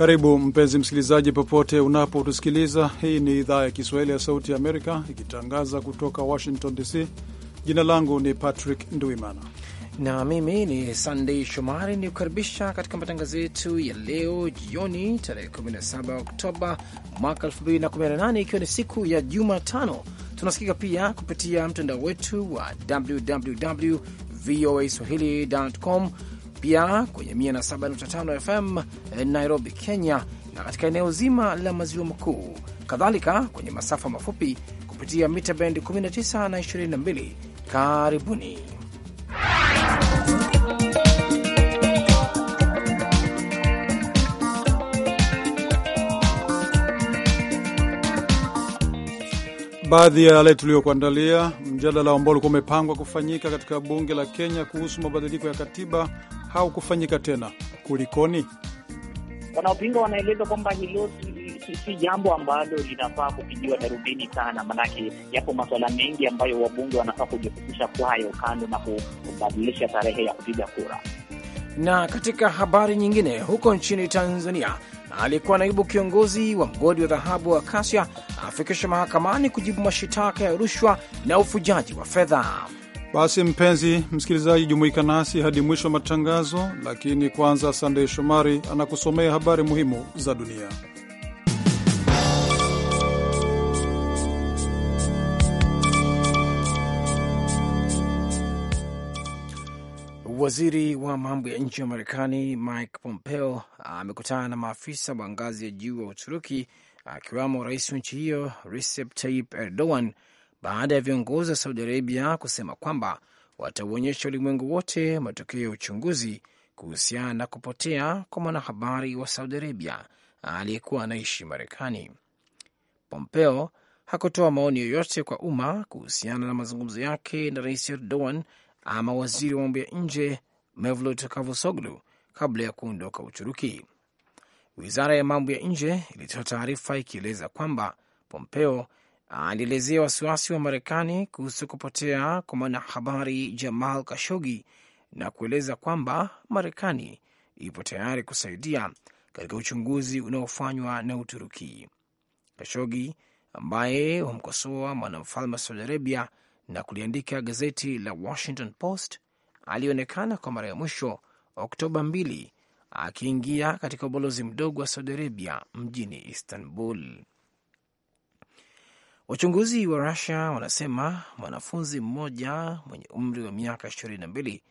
Karibu mpenzi msikilizaji, popote unapotusikiliza. Hii ni idhaa ya Kiswahili ya Sauti ya Amerika ikitangaza kutoka Washington DC. Jina langu ni Patrick Ndwimana na mimi ni Sandei Shomari ni kukaribisha katika matangazo yetu ya leo jioni, tarehe 17 Oktoba mwaka 2018 ikiwa ni siku ya Jumatano. Tunasikika pia kupitia mtandao wetu wa www voa swahili.com pia kwenye 107.5 FM eh, Nairobi, Kenya, na katika eneo zima la maziwa makuu, kadhalika kwenye masafa mafupi kupitia mita bendi 19 na 22. Karibuni baadhi ya yale tuliyokuandalia: mjadala ambao ulikuwa umepangwa kufanyika katika bunge la Kenya kuhusu mabadiliko ya katiba haukufanyika tena. Kulikoni? Wanaopinga wanaeleza kwamba hilo si jambo ambalo linafaa kupigiwa darubini sana, maanake yapo masuala mengi ambayo wabunge wanafaa kujihusisha kwayo, kando na kubadilisha tarehe ya kupiga kura. Na katika habari nyingine, huko nchini Tanzania, aliyekuwa naibu kiongozi wa mgodi wa dhahabu wa Kasia afikishwa mahakamani kujibu mashitaka ya rushwa na ufujaji wa fedha. Basi mpenzi msikilizaji, jumuika nasi hadi mwisho wa matangazo, lakini kwanza, Sandey Shomari anakusomea habari muhimu za dunia. Waziri wa mambo ya nje wa Marekani Mike Pompeo amekutana na maafisa wa ngazi ya juu wa Uturuki akiwamo rais wa nchi hiyo Recep Tayyip Erdogan baada ya viongozi wa Saudi Arabia kusema kwamba watauonyesha ulimwengu wote matokeo ya uchunguzi kuhusiana na kupotea kwa mwanahabari wa Saudi Arabia aliyekuwa anaishi Marekani. Pompeo hakutoa maoni yoyote kwa umma kuhusiana na mazungumzo yake na Rais Erdogan ama waziri wa mambo ya nje Mevlut Cavusoglu kabla ya kuondoka Uturuki. Wizara ya mambo ya nje ilitoa taarifa ikieleza kwamba Pompeo alielezea wasiwasi wa Marekani kuhusu kupotea kwa mwanahabari Jamal Kashogi na kueleza kwamba Marekani ipo tayari kusaidia katika uchunguzi unaofanywa na Uturuki. Kashogi ambaye wamkosoa mwanamfalme wa Saudi Arabia na kuliandika gazeti la Washington Post alionekana kwa mara ya mwisho Oktoba 2 akiingia katika ubalozi mdogo wa Saudi Arabia mjini Istanbul. Wachunguzi wa Rusia wanasema mwanafunzi mmoja mwenye umri wa miaka ishirini na mbili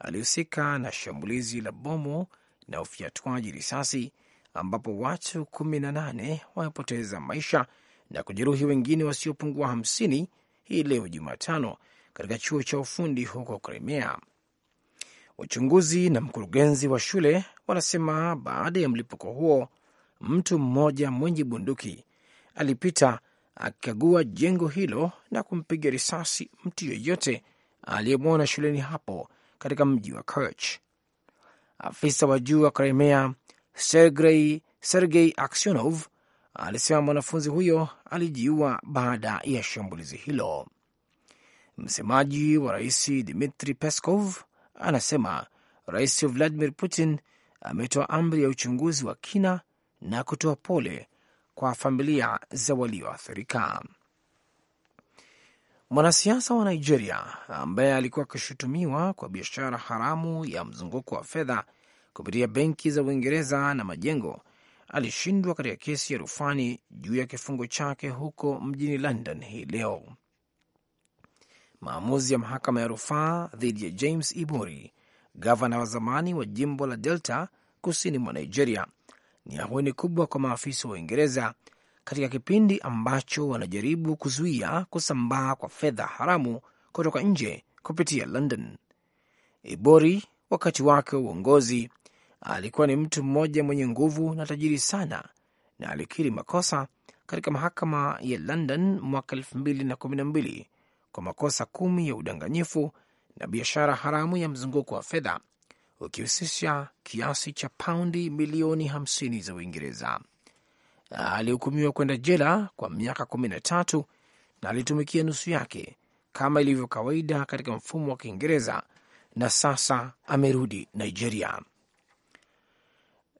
alihusika na shambulizi la bomu na ufyatuaji risasi ambapo watu kumi na nane wamepoteza maisha na kujeruhi wengine wasiopungua hamsini hii leo Jumatano katika chuo cha ufundi huko Crimea. Wachunguzi na mkurugenzi wa shule wanasema baada ya mlipuko huo, mtu mmoja mwenye bunduki alipita akikagua jengo hilo na kumpiga risasi mtu yeyote aliyemwona shuleni hapo katika mji wa Kerch. Afisa wa juu wa Crimea Sergei, Sergei Aksionov alisema mwanafunzi huyo alijiua baada ya shambulizi hilo. Msemaji wa rais Dmitri Peskov anasema Rais Vladimir Putin ametoa amri ya uchunguzi wa kina na kutoa pole kwa familia za walioathirika. Mwanasiasa wa Nigeria ambaye alikuwa akishutumiwa kwa biashara haramu ya mzunguko wa fedha kupitia benki za Uingereza na majengo alishindwa katika kesi ya rufani juu ya kifungo chake huko mjini London hii leo. Maamuzi ya mahakama ya rufaa dhidi ya James Ibori, gavana wa zamani wa jimbo la Delta kusini mwa Nigeria, ni ahueni kubwa kwa maafisa wa Uingereza katika kipindi ambacho wanajaribu kuzuia kusambaa kwa fedha haramu kutoka nje kupitia London. Ibori wakati wake wa uongozi alikuwa ni mtu mmoja mwenye nguvu na tajiri sana, na alikiri makosa katika mahakama ya London mwaka mbili kwa makosa kumi ya udanganyifu na biashara haramu ya mzunguko wa fedha ukihusisha kiasi cha paundi milioni hamsini za Uingereza. Alihukumiwa kwenda jela kwa miaka kumi na tatu na alitumikia nusu yake kama ilivyo kawaida katika mfumo wa Kiingereza, na sasa amerudi Nigeria.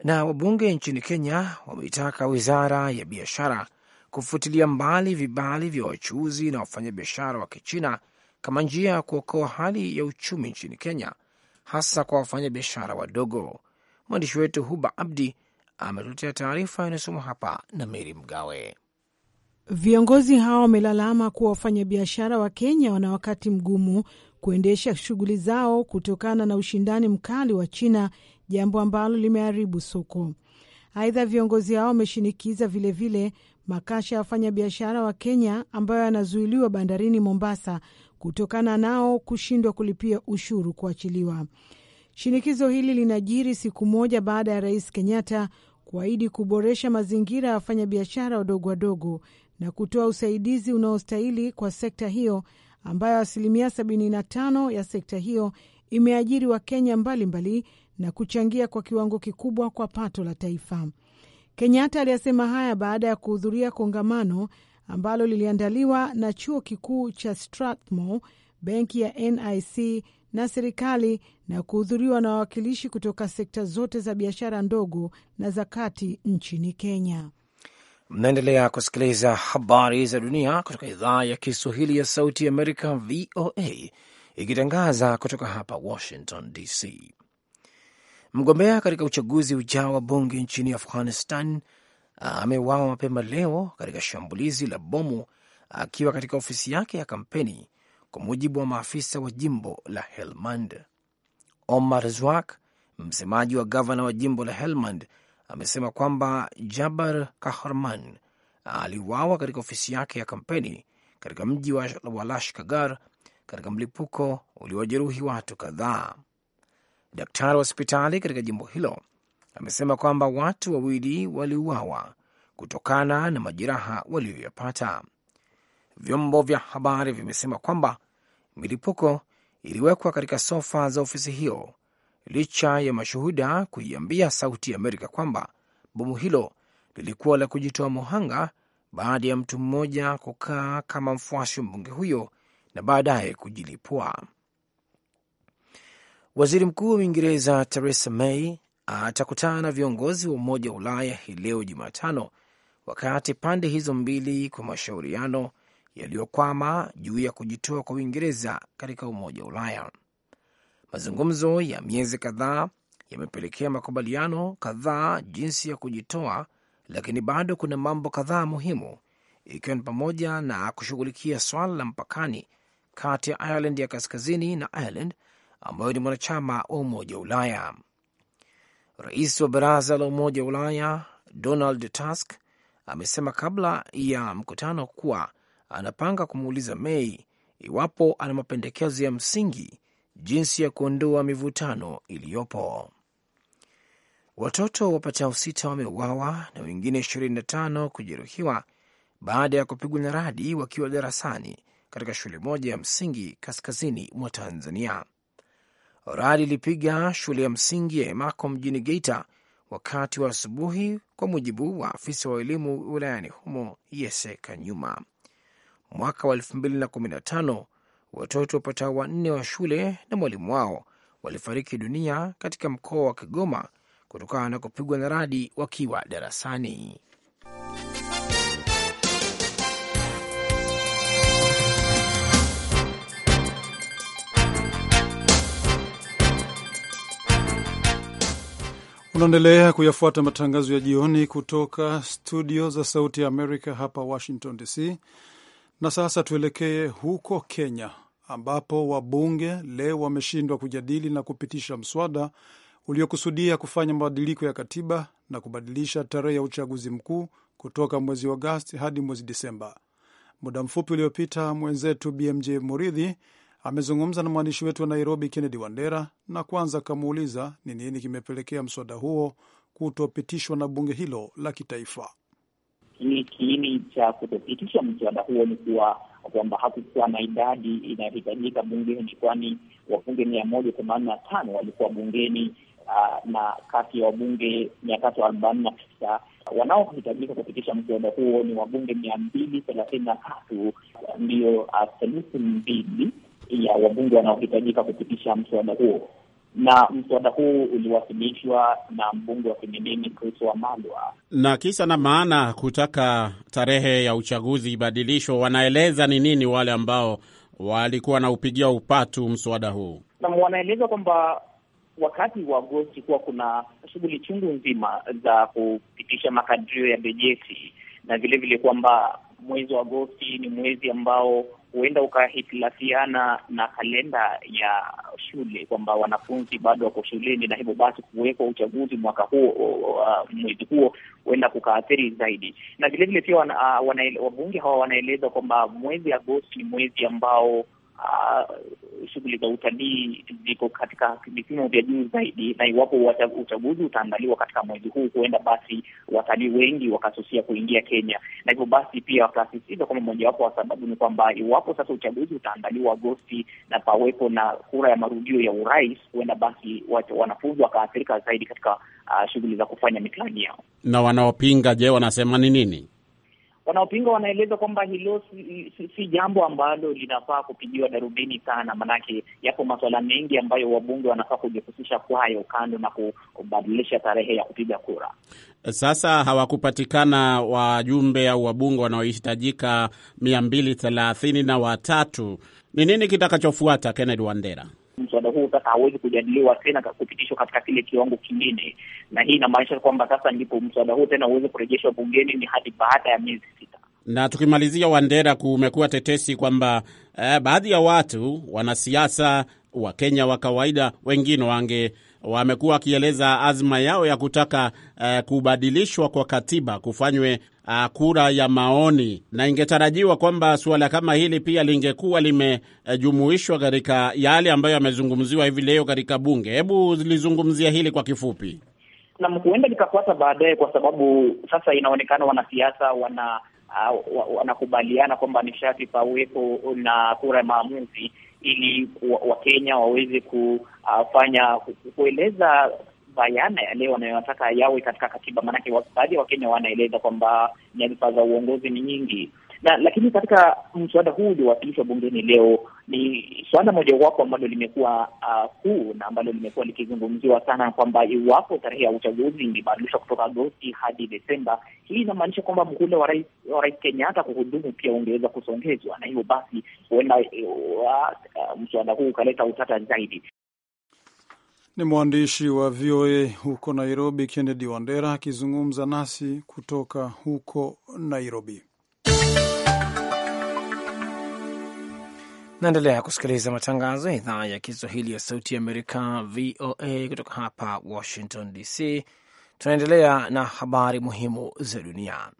Na wabunge nchini Kenya wameitaka wizara ya biashara kufutilia mbali vibali vya wachuuzi na wafanyabiashara wa Kichina kama njia ya kuokoa hali ya uchumi nchini Kenya hasa kwa wafanyabiashara wadogo. Mwandishi wetu Huba Abdi ametuletea taarifa inayosomwa hapa na Meri Mgawe. Viongozi hao wamelalama kuwa wafanyabiashara wa Kenya wana wakati mgumu kuendesha shughuli zao kutokana na ushindani mkali wa China, jambo ambalo limeharibu soko. Aidha, viongozi hao wameshinikiza vilevile makasha ya wafanyabiashara wa Kenya ambayo yanazuiliwa bandarini Mombasa kutokana nao kushindwa kulipia ushuru kuachiliwa. Shinikizo hili linajiri siku moja baada ya Rais Kenyatta kuahidi kuboresha mazingira ya wafanyabiashara wadogo wadogo na kutoa usaidizi unaostahili kwa sekta hiyo ambayo asilimia 75 ya sekta hiyo imeajiri Wakenya mbalimbali na kuchangia kwa kiwango kikubwa kwa pato la taifa. Kenyatta aliyasema haya baada ya kuhudhuria kongamano ambalo liliandaliwa na chuo kikuu cha Strathmore, benki ya NIC na serikali na kuhudhuriwa na wawakilishi kutoka sekta zote za biashara ndogo na za kati nchini Kenya. Mnaendelea kusikiliza habari za dunia kutoka idhaa ya Kiswahili ya Sauti ya Amerika, VOA, ikitangaza kutoka hapa Washington DC. Mgombea katika uchaguzi ujao wa bunge nchini Afghanistan Ah, ameuawa mapema leo katika shambulizi la bomu ah, akiwa katika ofisi yake ya kampeni, kwa mujibu wa maafisa wa jimbo la Helmand. Omar Zwak, msemaji wa gavana wa jimbo la Helmand, amesema kwamba Jabar Kahraman ah, aliuawa katika ofisi yake ya kampeni katika mji wa Lashkagar katika mlipuko uliowajeruhi watu kadhaa. Daktari wa hospitali katika jimbo hilo amesema kwamba watu wawili waliuawa kutokana na majeraha waliyoyapata. Vyombo vya habari vimesema kwamba milipuko iliwekwa katika sofa za ofisi hiyo licha ya mashuhuda kuiambia Sauti ya Amerika kwamba bomu hilo lilikuwa la kujitoa muhanga baada ya mtu mmoja kukaa kama mfuasi wa mbunge huyo na baadaye kujilipua. Waziri Mkuu wa Uingereza Theresa May atakutana na viongozi wa Umoja wa Ulaya hii leo Jumatano, wakati pande hizo mbili kwa mashauriano yaliyokwama juu ya kujitoa kwa Uingereza katika Umoja wa Ulaya. Mazungumzo ya miezi kadhaa yamepelekea makubaliano kadhaa jinsi ya kujitoa, lakini bado kuna mambo kadhaa muhimu, ikiwa ni pamoja na kushughulikia swala la mpakani kati ya Ireland ya kaskazini na Ireland ambayo ni mwanachama wa Umoja wa Ulaya. Rais wa Baraza la Umoja wa Ulaya Donald Tusk amesema kabla ya mkutano kuwa anapanga kumuuliza Mei iwapo ana mapendekezo ya msingi jinsi ya kuondoa mivutano iliyopo. Watoto wapatao sita wameuawa na wengine 25 kujeruhiwa baada ya kupigwa na radi wakiwa darasani katika shule moja ya msingi kaskazini mwa Tanzania radi ilipiga shule ya msingi ya Emako mjini Geita wakati wa asubuhi, kwa mujibu wa afisa wa elimu wilayani humo Yese Kanyuma. Mwaka wa 2015 watoto wapatao wanne wa shule na mwalimu wao walifariki dunia katika mkoa wa Kigoma kutokana na kupigwa na radi wakiwa darasani. Unaendelea kuyafuata matangazo ya jioni kutoka studio za Sauti ya Amerika hapa Washington DC. Na sasa tuelekee huko Kenya ambapo wabunge leo wameshindwa kujadili na kupitisha mswada uliokusudia kufanya mabadiliko ya katiba na kubadilisha tarehe ya uchaguzi mkuu kutoka mwezi Agosti hadi mwezi Disemba. Muda mfupi uliopita mwenzetu BMJ Muridhi amezungumza na mwandishi wetu wa Nairobi, Kennedy Wandera, na kwanza akamuuliza ni nini kimepelekea mswada huo kutopitishwa na bunge hilo la kitaifa. Ni kiini cha kutopitisha mswada huo ni kuwa kwamba hakukuwa na idadi inayohitajika bungeni, kwani wabunge mia moja themanini na tano walikuwa bungeni uh, na kati ya wabunge mia tatu arobaini na tisa wanaohitajika kupitisha mswada huo ni wabunge mia mbili thelathini na tatu, ndiyo ah, theluthi mbili ya wabunge wanaohitajika kupitisha mswada huo, na mswada huu uliwasilishwa na mbunge wa Kinilini Chris Wamalwa, na kisa na maana kutaka tarehe ya uchaguzi ibadilishwe. Wanaeleza ni nini wale ambao walikuwa wanaupigia upatu mswada huu? wanaeleza kwamba wakati wa Agosti kuwa kuna shughuli chungu nzima za kupitisha makadirio ya bajeti na vilevile kwamba mwezi wa Agosti ni mwezi ambao huenda ukahitilafiana na kalenda ya shule kwamba wanafunzi bado wako shuleni, na hivyo basi kuwekwa uchaguzi mwaka huo uh, mwezi huo huenda kukaathiri zaidi. Na vilevile pia wana, uh, wabunge hawa wanaeleza kwamba mwezi Agosti ni mwezi ambao uh, shughuli za utalii ziko katika vipimo vya juu zaidi, na iwapo uchaguzi utaandaliwa katika mwezi huu, huenda basi watalii wengi wakasusia kuingia Kenya, na hivyo basi pia wakasisitiza kwamba mojawapo wa sababu ni kwamba iwapo sasa uchaguzi utaandaliwa Agosti na pawepo na kura ya marudio ya urais, huenda basi wanafunzi wakaathirika zaidi katika uh, shughuli za kufanya mitihani yao. Na wanaopinga je, wanasema ni nini? Wanaopinga wanaeleza kwamba hilo si, si, si jambo ambalo linafaa kupigiwa darubini sana, maanake yapo masuala mengi ambayo wabunge wanafaa kujihusisha kwayo, kando na kubadilisha tarehe ya kupiga kura. Sasa hawakupatikana wajumbe au wabunge wanaohitajika mia mbili thelathini na watatu. Ni nini kitakachofuata, Kennedy Wandera? mswada huu sasa hawezi kujadiliwa tena kupitishwa katika kile kiwango kingine, na hii inamaanisha kwamba sasa ndipo mswada huu tena uweze kurejeshwa bungeni ni hadi baada ya miezi sita. Na tukimalizia, Wandera, kumekuwa tetesi kwamba eh, baadhi ya watu wanasiasa wa kenya wa kawaida wengine wange wamekuwa wakieleza azma yao ya kutaka uh, kubadilishwa kwa katiba kufanywe uh, kura ya maoni, na ingetarajiwa kwamba suala kama hili pia lingekuwa limejumuishwa uh, katika yale ambayo yamezungumziwa hivi leo katika bunge. Hebu lizungumzia hili kwa kifupi. Na huenda likafuata baadaye, kwa sababu sasa inaonekana wanasiasa wana ah, wanakubaliana kwamba nishati pawepo na kura ya maamuzi ili Wakenya waweze kufanya ah, kueleza bayana yale wanayotaka yawe katika katiba, maanake baadhi ya Wakenya wanaeleza kwamba nyadhifa za uongozi ni nyingi na lakini katika mswada huu uliowasilishwa bungeni leo ni swala mojawapo ambalo limekuwa ah, kuu na ambalo limekuwa likizungumziwa sana kwamba iwapo tarehe ya uchaguzi imebadilishwa kutoka Agosti hadi Desemba, hii inamaanisha kwamba mhula wa rais wa rais Kenyatta kuhudumu pia ungeweza kusongezwa, na hivyo basi huenda uh, uh, mswada huu ukaleta utata zaidi. Ni mwandishi wa VOA huko Nairobi, Kennedy Wandera akizungumza nasi kutoka huko Nairobi. Naendelea kusikiliza matangazo ya idhaa ya Kiswahili ya Sauti ya Amerika, VOA, kutoka hapa Washington DC. Tunaendelea na habari muhimu za dunia.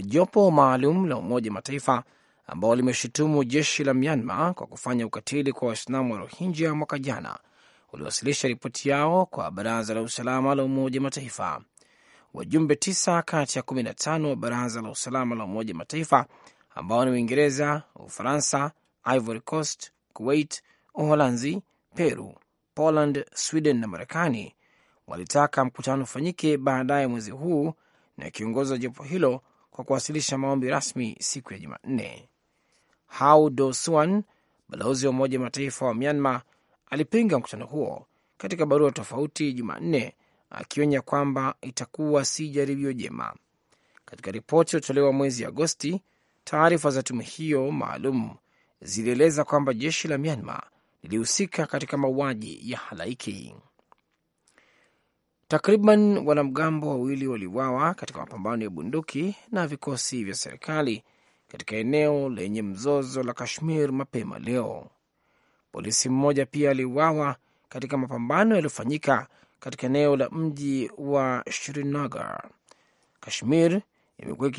Jopo maalum la Umoja wa Mataifa ambao limeshutumu jeshi la Myanmar kwa kufanya ukatili kwa Waislamu wa Rohingya mwaka jana waliwasilisha ripoti yao kwa Baraza la Usalama la Umoja Mataifa. Wajumbe tisa kati ya 15 wa Baraza la Usalama la Umoja Mataifa ambao ni Uingereza, Ufaransa, Ivory Coast, Kuwait, Uholanzi, Peru, Poland, Sweden na Marekani walitaka mkutano ufanyike baadaye mwezi huu na kiongoza jopo hilo kwa kuwasilisha maombi rasmi siku ya Jumanne. Hau Do swan balozi wa Umoja Mataifa wa Myanmar, alipinga mkutano huo katika barua tofauti Jumanne, akionya kwamba itakuwa si jaribio jema. Katika ripoti iliyotolewa mwezi Agosti, taarifa za tume hiyo maalum zilieleza kwamba jeshi la Myanmar lilihusika katika mauaji ya halaiki. Takriban wanamgambo wawili waliuawa katika mapambano ya bunduki na vikosi vya serikali katika eneo lenye mzozo la Kashmir mapema leo. Polisi mmoja pia aliuawa katika mapambano yaliyofanyika katika eneo la mji wa Srinagar. Kashmir imekuwa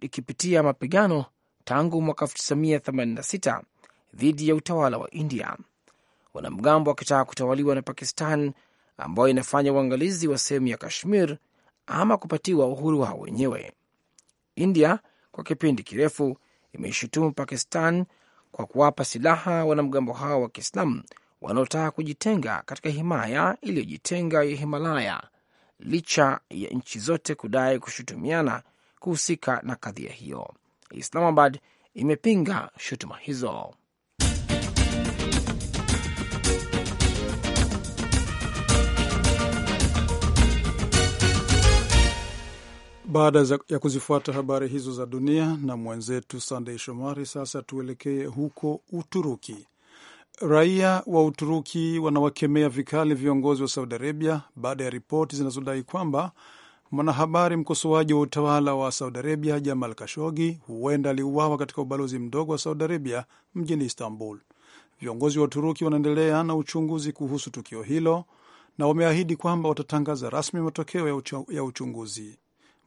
ikipitia mapigano tangu mwaka 1986 dhidi ya utawala wa India, wanamgambo wakitaka kutawaliwa na Pakistan ambayo inafanya uangalizi wa sehemu ya Kashmir ama kupatiwa uhuru wao wenyewe. India kwa kipindi kirefu imeishutumu Pakistan kwa kuwapa silaha wanamgambo hao wa Kiislamu wanaotaka kujitenga katika himaya iliyojitenga ya Himalaya licha ya nchi zote kudai kushutumiana kuhusika na kadhia hiyo. Islamabad imepinga shutuma hizo. Baada ya kuzifuata habari hizo za dunia na mwenzetu sandei Shomari, sasa tuelekee huko Uturuki. Raia wa Uturuki wanawakemea vikali viongozi wa Saudi Arabia baada ya ripoti zinazodai kwamba mwanahabari mkosoaji wa utawala wa Saudi Arabia Jamal Kashogi huenda aliuawa katika ubalozi mdogo wa Saudi Arabia mjini Istanbul. Viongozi wa Uturuki wanaendelea na uchunguzi kuhusu tukio hilo na wameahidi kwamba watatangaza rasmi matokeo ya uchunguzi.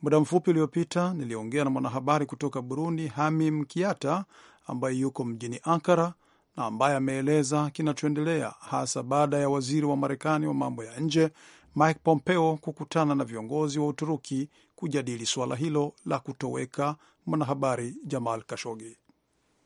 Muda mfupi uliopita niliongea na mwanahabari kutoka Burundi, Hamim Kiata, ambaye yuko mjini Ankara na ambaye ameeleza kinachoendelea hasa baada ya waziri wa Marekani wa mambo ya nje Mike Pompeo kukutana na viongozi wa Uturuki kujadili suala hilo la kutoweka mwanahabari Jamal Kashogi.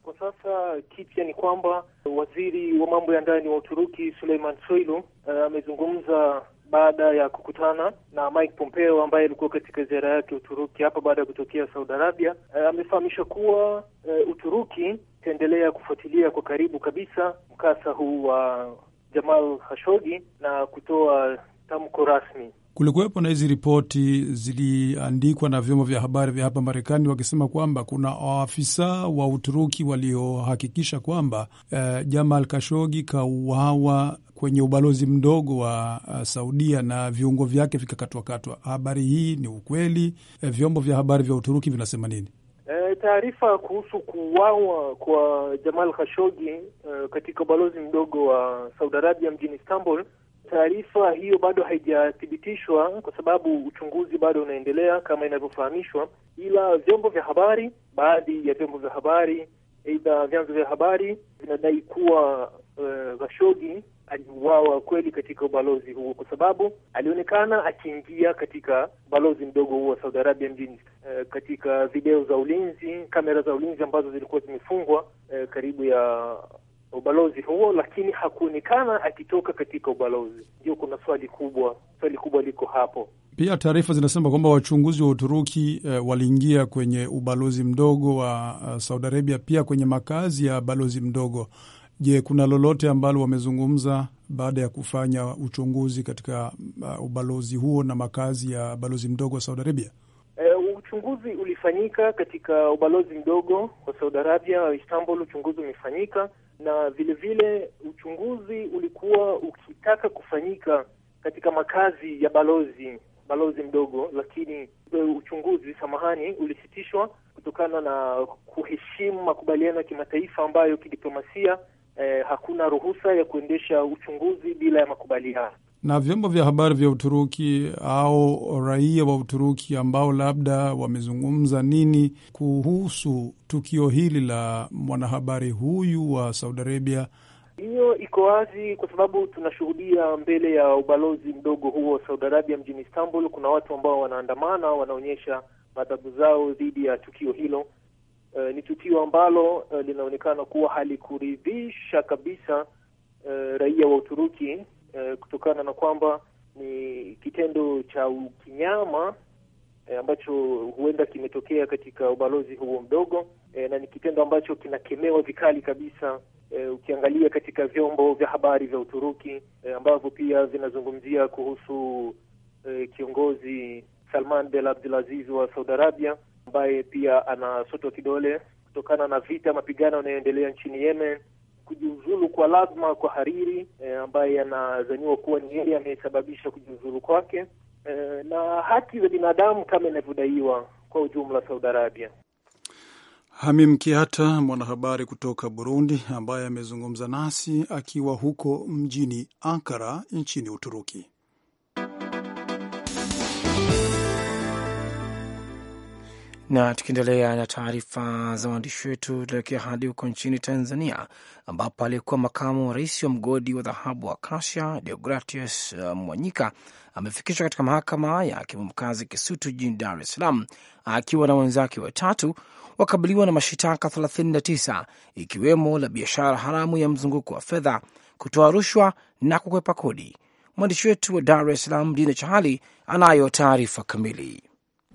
Kwa sasa kipya ni kwamba waziri wa mambo ya ndani wa Uturuki Suleiman Soylu eh, amezungumza uh, baada ya kukutana na Mike Pompeo ambaye alikuwa katika ziara yake Uturuki hapa baada ya kutokea Saudi Arabia. E, amefahamisha kuwa e, Uturuki itaendelea kufuatilia kwa karibu kabisa mkasa huu wa Jamal Khashoggi na kutoa tamko rasmi. Kulikuwepo na hizi ripoti ziliandikwa na vyombo vya habari vya hapa Marekani wakisema kwamba kuna waafisa wa Uturuki waliohakikisha kwamba eh, Jamal Kashogi kauawa kwenye ubalozi mdogo wa uh, Saudia na viungo vyake vikakatwakatwa. Habari hii ni ukweli? E, vyombo vya habari vya Uturuki vinasema nini? E, taarifa kuhusu kuuawa kwa Jamal Khashoggi e, katika ubalozi mdogo wa Saudi Arabia mjini Istanbul, taarifa hiyo bado haijathibitishwa kwa sababu uchunguzi bado unaendelea kama inavyofahamishwa, ila vyombo vya habari, baadhi ya vyombo vya habari, aidha vyanzo vya habari vinadai kuwa Khashoggi aliuawa kweli katika ubalozi huo, kwa sababu alionekana akiingia katika balozi mdogo huo wa Saudi Arabia mjini e, katika video za ulinzi, kamera za ulinzi ambazo zilikuwa zimefungwa e, karibu ya ubalozi huo, lakini hakuonekana akitoka katika ubalozi. Ndio kuna swali kubwa, swali kubwa liko hapo. Pia taarifa zinasema kwamba wachunguzi wa Uturuki e, waliingia kwenye ubalozi mdogo wa Saudi Arabia, pia kwenye makazi ya balozi mdogo Je, kuna lolote ambalo wamezungumza baada ya kufanya uchunguzi katika uh, ubalozi huo na makazi ya balozi mdogo wa Saudi Arabia? Uh, uchunguzi ulifanyika katika ubalozi mdogo wa Saudi Arabia wa Istanbul, uchunguzi umefanyika na vilevile uchunguzi ulikuwa ukitaka kufanyika katika makazi ya balozi balozi mdogo, lakini eh, uchunguzi, samahani, ulisitishwa kutokana na kuheshimu makubaliano ya kimataifa ambayo kidiplomasia eh, hakuna ruhusa ya kuendesha uchunguzi bila ya makubaliano na vyombo vya habari vya Uturuki au raia wa Uturuki ambao labda wamezungumza nini kuhusu tukio hili la mwanahabari huyu wa Saudi Arabia? Hiyo iko wazi, kwa sababu tunashuhudia mbele ya ubalozi mdogo huo wa Saudi Arabia mjini Istanbul, kuna watu ambao wanaandamana, wanaonyesha madhabu zao dhidi ya tukio hilo Uh, ni tukio ambalo uh, linaonekana kuwa halikuridhisha kabisa uh, raia wa Uturuki uh, kutokana na kwamba ni kitendo cha ukinyama eh, ambacho huenda kimetokea katika ubalozi huo mdogo eh, na ni kitendo ambacho kinakemewa vikali kabisa. Uh, ukiangalia katika vyombo vya habari vya Uturuki uh, ambavyo pia vinazungumzia kuhusu uh, kiongozi Salman bin Abdulaziz wa Saudi Arabia ambaye pia anasotwa kidole kutokana na vita mapigano yanayoendelea nchini Yemen. Kujiuzulu kwa lazima kwa Hariri e, ambaye anazaniwa kuwa ni yeye amesababisha kujiuzulu kwake e, na haki za binadamu kama inavyodaiwa kwa ujumla Saudi Arabia. Hamim Kiata, mwanahabari kutoka Burundi, ambaye amezungumza nasi akiwa huko mjini Ankara nchini Uturuki. Na tukiendelea na taarifa za waandishi wetu, tuelekea hadi huko nchini Tanzania, ambapo aliyekuwa makamu wa rais wa mgodi wa dhahabu wa Kasia Deogratius uh, Mwanyika amefikishwa katika mahakama ya hakimu mkazi Kisutu jijini Dar es Salaam akiwa na wenzake watatu wakabiliwa na mashitaka 39 ikiwemo la biashara haramu ya mzunguko wa fedha, kutoa rushwa na kukwepa kodi. Mwandishi wetu wa Dar es Salaam Dina Chahali anayo taarifa kamili.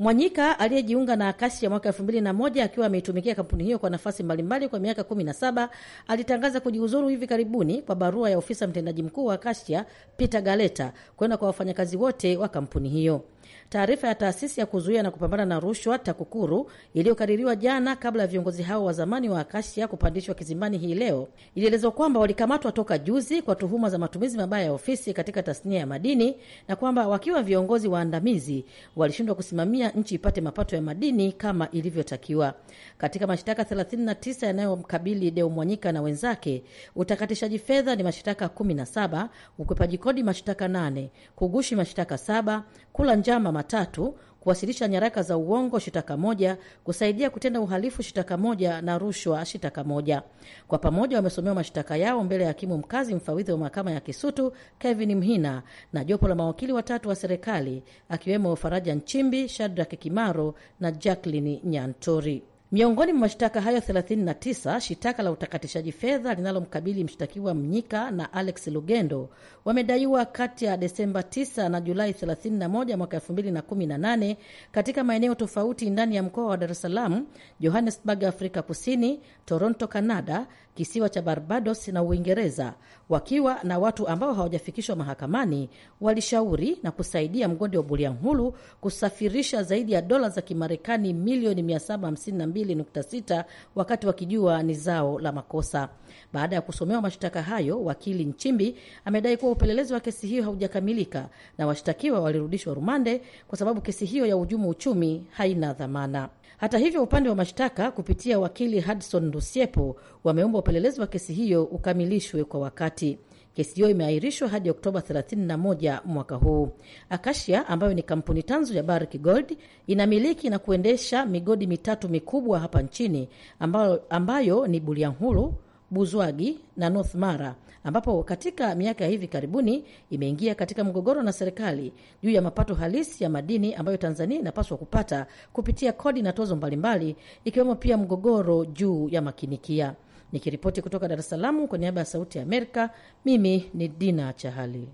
Mwanyika aliyejiunga na Akasia mwaka elfu mbili na moja akiwa ameitumikia kampuni hiyo kwa nafasi mbalimbali kwa miaka kumi na saba alitangaza kujiuzuru hivi karibuni kwa barua ya ofisa mtendaji mkuu wa Akasia Peter Galeta kwenda kwa wafanyakazi wote wa kampuni hiyo. Taarifa ya taasisi ya kuzuia na kupambana na rushwa TAKUKURU iliyokadiriwa jana kabla ya viongozi hao wa zamani wa Akasia kupandishwa kizimbani hii leo ilielezwa kwamba walikamatwa toka juzi kwa tuhuma za matumizi mabaya ya ofisi katika tasnia ya madini na kwamba wakiwa viongozi waandamizi walishindwa kusimamia nchi ipate mapato ya madini kama ilivyotakiwa. Katika mashtaka 39 yanayomkabili Deo Mwanyika na wenzake, utakatishaji fedha ni mashtaka 17, ukwepaji kodi mashtaka 8, kugushi mashtaka 7, kula njama Jumatatu kuwasilisha nyaraka za uongo shitaka moja, kusaidia kutenda uhalifu shitaka moja na rushwa shitaka moja. Kwa pamoja wamesomewa mashitaka yao mbele ya hakimu mkazi mfawidhi wa mahakama ya Kisutu Kevin Mhina na jopo la mawakili watatu wa serikali akiwemo Faraja Nchimbi, Shadrack Kimaro na Jacqueline Nyantori. Miongoni mwa mashtaka hayo 39 shitaka la utakatishaji fedha linalomkabili mshtakiwa Mnyika na Alex Lugendo wamedaiwa kati ya Desemba 9 na Julai 31 mwaka 2018 katika maeneo tofauti ndani ya mkoa wa Dar es Salaam, Johannesburg, Afrika Kusini, Toronto, Canada, kisiwa cha Barbados na Uingereza, wakiwa na watu ambao hawajafikishwa mahakamani, walishauri na kusaidia mgodi wa Bulyanhulu kusafirisha zaidi ya dola za Kimarekani milioni 752.6 wakati wakijua ni zao la makosa. Baada ya kusomewa mashtaka hayo, wakili Nchimbi amedai kuwa upelelezi wa kesi hiyo haujakamilika na washtakiwa walirudishwa rumande kwa sababu kesi hiyo ya uhujumu uchumi haina dhamana. Hata hivyo, upande wa mashtaka kupitia wakili Hudson Ndusiepo wameomba upelelezi wa kesi hiyo ukamilishwe kwa wakati. Kesi hiyo imeahirishwa hadi Oktoba 31 mwaka huu. Akasia ambayo ni kampuni tanzu ya Barrick Gold inamiliki na kuendesha migodi mitatu mikubwa hapa nchini ambayo, ambayo ni Bulyanhulu, Buzwagi na North Mara, ambapo katika miaka ya hivi karibuni imeingia katika mgogoro na serikali juu ya mapato halisi ya madini ambayo Tanzania inapaswa kupata kupitia kodi na tozo mbalimbali, ikiwemo pia mgogoro juu ya makinikia. Nikiripoti kutoka Dar es Salaam kwa niaba ya Sauti ya Amerika, mimi ni Dina Chahali.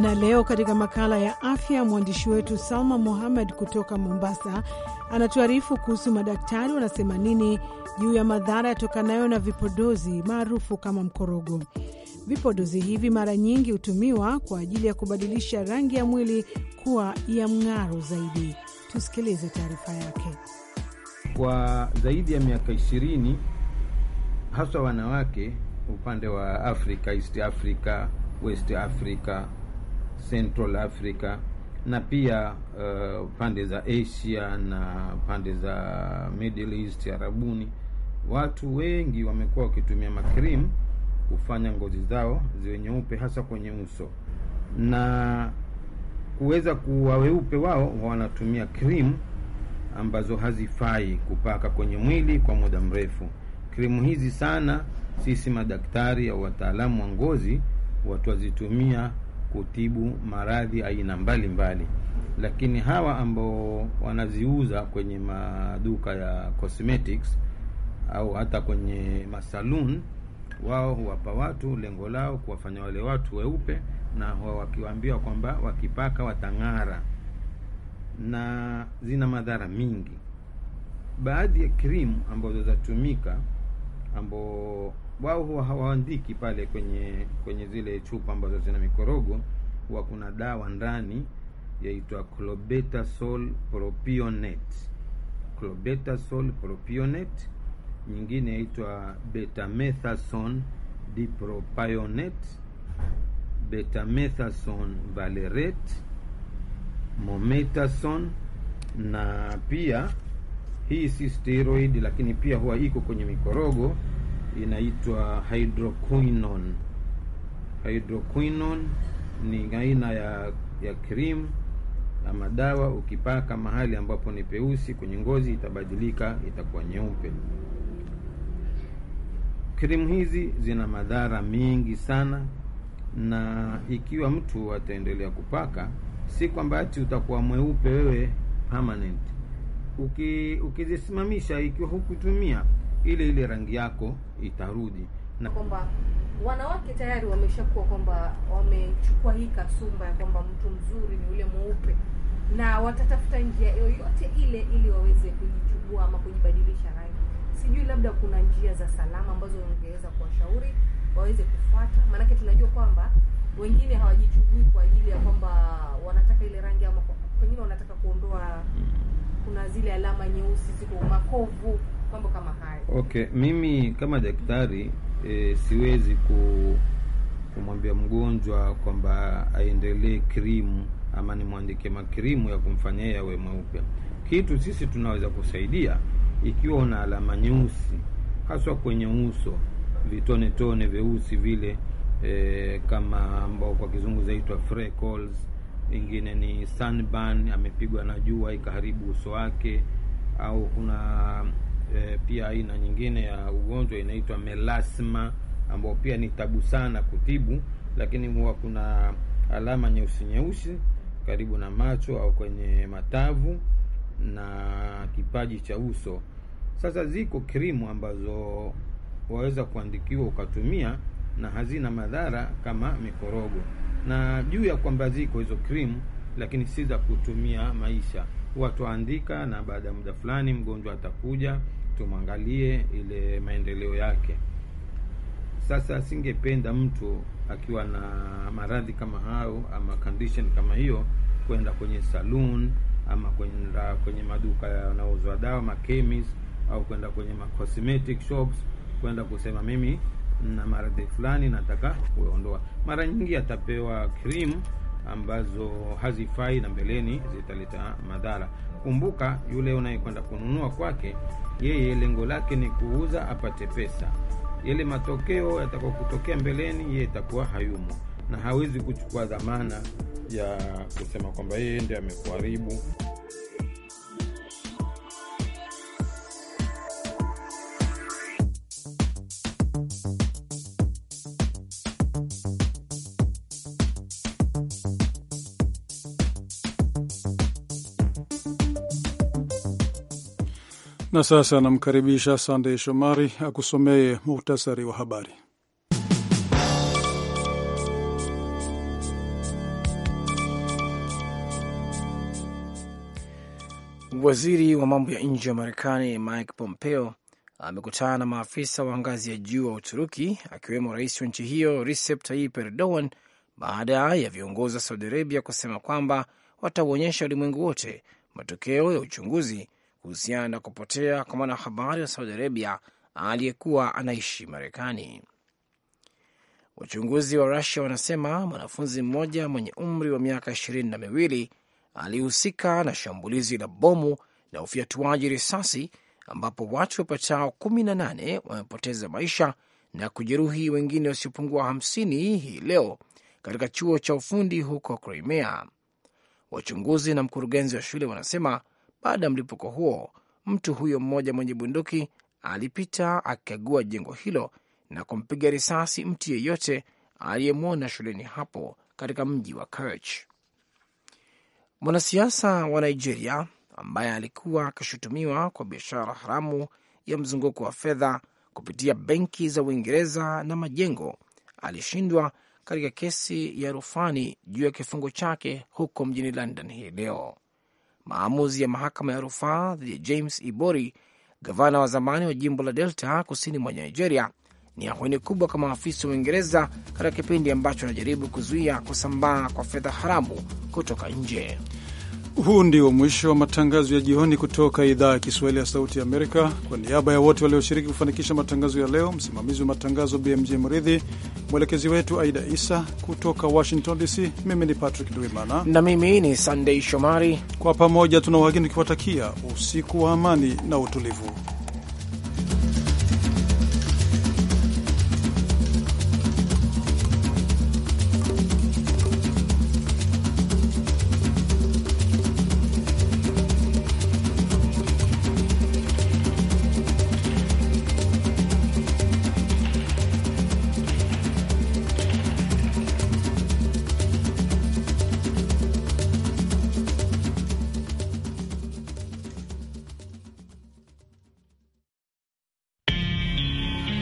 Na leo katika makala ya afya, mwandishi wetu Salma Mohamed kutoka Mombasa anatuarifu kuhusu madaktari wanasema nini juu ya madhara yatokanayo na vipodozi maarufu kama mkorogo. Vipodozi hivi mara nyingi hutumiwa kwa ajili ya kubadilisha rangi ya mwili kuwa ya mng'aro zaidi. Tusikilize taarifa yake. Kwa zaidi ya miaka ishirini, haswa wanawake upande wa Afrika, East Africa, West Africa Central Africa na pia uh, pande za Asia na pande za Middle East Arabuni, watu wengi wamekuwa wakitumia makrim kufanya ngozi zao ziwe nyeupe, hasa kwenye uso na kuweza kuwa weupe wao wanatumia krimu ambazo hazifai kupaka kwenye mwili kwa muda mrefu. Krimu hizi sana sisi madaktari au wataalamu wa ngozi watu wazitumia kutibu maradhi aina mbalimbali, lakini hawa ambao wanaziuza kwenye maduka ya cosmetics au hata kwenye masalun, wao huwapa watu, lengo lao kuwafanya wale watu weupe, na wakiwaambiwa kwamba wakipaka watang'ara, na zina madhara mingi. Baadhi ya krimu ambazo zatumika ambao wao huwa hawaandiki pale kwenye kwenye zile chupa ambazo zina mikorogo, huwa kuna dawa ndani yaitwa clobetasol propionate, clobetasol propionate, nyingine yaitwa betamethason dipropionate, betamethason valerate, mometason na pia hii si steroid, lakini pia huwa iko kwenye mikorogo inaitwa hydroquinone. Hydroquinone ni aina ya ya cream na madawa, ukipaka mahali ambapo ni peusi kwenye ngozi itabadilika, itakuwa nyeupe. Krimu hizi zina madhara mengi sana, na ikiwa mtu ataendelea kupaka, si kwamba ati utakuwa mweupe wewe permanent. Uki, ukizisimamisha ikiwa hukutumia ile ile rangi yako itarudi na kwamba wanawake tayari wameshakuwa kwamba wamechukua hii kasumba ya kwamba mtu mzuri ni ule mweupe, na watatafuta njia yoyote ile ili waweze kujichubua ama kujibadilisha rangi. Sijui labda kuna njia za salama ambazo ungeweza kuwashauri waweze kufuata, maanake tunajua kwamba wengine hawajichubui kwa ajili ya kwamba wanataka ile rangi, ama pengine wanataka kuondoa, kuna zile alama nyeusi ziko makovu mambo kama hayo. Okay, mimi kama daktari e, siwezi ku kumwambia mgonjwa kwamba aendelee krimu ama nimwandike makrimu ya kumfanyia yawe mweupe. Kitu sisi tunaweza kusaidia, ikiwa una alama nyeusi haswa kwenye uso, vitone tone vyeusi vile e, kama ambao kwa kizungu zaitwa freckles, ingine ni sunburn, amepigwa na jua ikaharibu uso wake, au kuna eh, pia aina nyingine ya ugonjwa inaitwa melasma ambao pia ni tabu sana kutibu, lakini huwa kuna alama nyeusi nyeusi karibu na macho au kwenye matavu na kipaji cha uso. Sasa ziko krimu ambazo waweza kuandikiwa ukatumia na hazina madhara kama mikorogo, na juu ya kwamba ziko hizo krimu, lakini si za kutumia maisha. Watu waandika, na baada ya muda fulani mgonjwa atakuja tumwangalie ile maendeleo yake. Sasa singependa mtu akiwa na maradhi kama hayo ama condition kama hiyo kwenda kwenye saloon ama kwenda kwenye maduka yanayouzwa dawa ma chemist, au kwenda kwenye ma cosmetic shops kwenda kusema mimi na maradhi fulani nataka kuondoa. Mara nyingi atapewa cream ambazo hazifai na mbeleni zitaleta madhara. Kumbuka, yule unayekwenda kununua kwake, yeye lengo lake ni kuuza apate pesa. Yale matokeo yatakuwa kutokea mbeleni, yeye itakuwa hayumo na hawezi kuchukua dhamana ya kusema kwamba yeye ndiye amekuharibu. Na sasa anamkaribisha Sandey Shomari akusomee muhtasari wa habari. Waziri wa mambo ya nje wa Marekani Mike Pompeo amekutana na maafisa wa ngazi ya juu wa Uturuki akiwemo rais wa nchi hiyo Recep Tayyip Erdogan baada ya viongozi wa Saudi Arabia kusema kwamba watauonyesha ulimwengu wote matokeo ya uchunguzi kuhusiana na kupotea kwa mwanahabari wa Saudi Arabia aliyekuwa anaishi Marekani. Wachunguzi wa Rusia wanasema mwanafunzi mmoja mwenye umri wa miaka ishirini na miwili alihusika na shambulizi la bomu na ufyatuaji risasi ambapo watu wapatao kumi na nane wamepoteza maisha na kujeruhi wengine wasiopungua hamsini hii leo katika chuo cha ufundi huko Crimea. Wachunguzi na mkurugenzi wa shule wanasema baada ya mlipuko huo, mtu huyo mmoja mwenye bunduki alipita akikagua jengo hilo na kumpiga risasi mtu yeyote aliyemwona shuleni hapo katika mji wa Kerch. Mwanasiasa wa Nigeria ambaye alikuwa akishutumiwa kwa biashara haramu ya mzunguko wa fedha kupitia benki za Uingereza na majengo alishindwa katika kesi ya rufani juu ya kifungo chake huko mjini London hii leo maamuzi ya mahakama ya rufaa dhidi ya James Ibori, gavana wa zamani wa jimbo la Delta kusini mwa Nigeria, ni ahueni kubwa kwa maafisa wa Uingereza katika kipindi ambacho wanajaribu kuzuia kusambaa kwa fedha haramu kutoka nje. Huu ndio mwisho wa matangazo ya jioni kutoka idhaa ya Kiswahili ya Sauti ya Amerika. Kwa niaba ya wote walioshiriki kufanikisha matangazo ya leo, msimamizi wa matangazo BMJ Mridhi, mwelekezi wetu Aida Isa kutoka Washington DC, mimi ni Patrick Duimana na mimi ni Sandei Shomari. Kwa pamoja tuna wageni tukiwatakia usiku wa amani na utulivu.